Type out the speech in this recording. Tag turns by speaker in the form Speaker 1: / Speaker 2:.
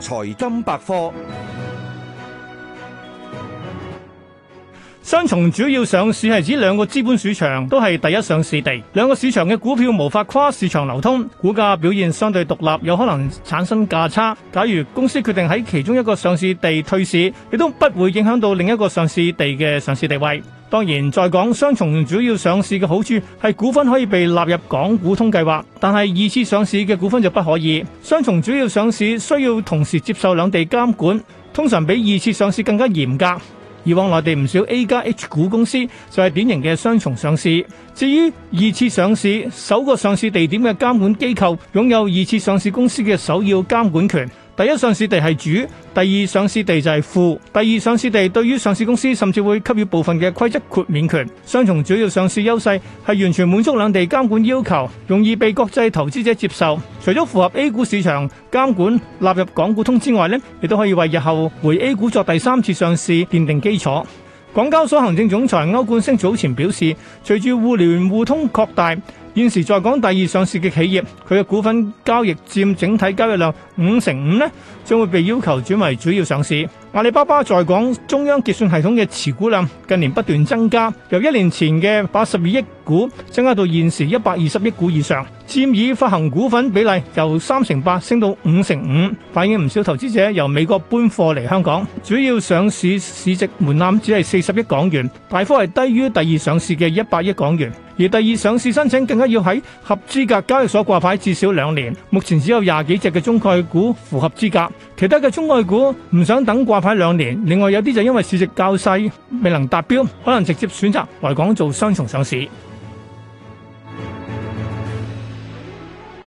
Speaker 1: 財金百科，雙重主要上市係指兩個資本市場都係第一上市地，兩個市場嘅股票無法跨市場流通，股價表現相對獨立，有可能產生價差。假如公司決定喺其中一個上市地退市，亦都不會影響到另一個上市地嘅上市地位。當然，再講雙重主要上市嘅好處係股份可以被納入港股通計劃，但係二次上市嘅股份就不可以。雙重主要上市需要同時接受兩地監管，通常比二次上市更加嚴格。以往內地唔少 A 加 H 股公司就係典型嘅雙重上市。至於二次上市，首個上市地點嘅監管機構擁有二次上市公司嘅首要監管權。第一上市地係主，第二上市地就係副。第二上市地對於上市公司甚至會給予部分嘅規則豁免權。雙重主要上市優勢係完全滿足兩地監管要求，容易被國際投資者接受。除咗符合 A 股市場監管，納入港股通之外呢，亦都可以為日後回 A 股作第三次上市奠定基礎。港交所行政總裁歐冠升早前表示，隨住互聯互通擴大，現時在港第二上市嘅企業，佢嘅股份交易佔整體交易量五成五呢，將會被要求轉為主要上市。阿里巴巴在港中央結算系統嘅持股量近年不斷增加，由一年前嘅八十二億股增加到現時一百二十億股以上。佔已發行股份比例由三成八升到五成五，反映唔少投資者由美國搬貨嚟香港。主要上市市值門檻只係四十億港元，大幅係低於第二上市嘅一百億港元。而第二上市申請更加要喺合資格交易所掛牌至少兩年。目前只有廿幾隻嘅中概股符合資格，其他嘅中概股唔想等掛牌兩年。另外有啲就因為市值較細，未能達標，可能直接選擇來港做雙重上市。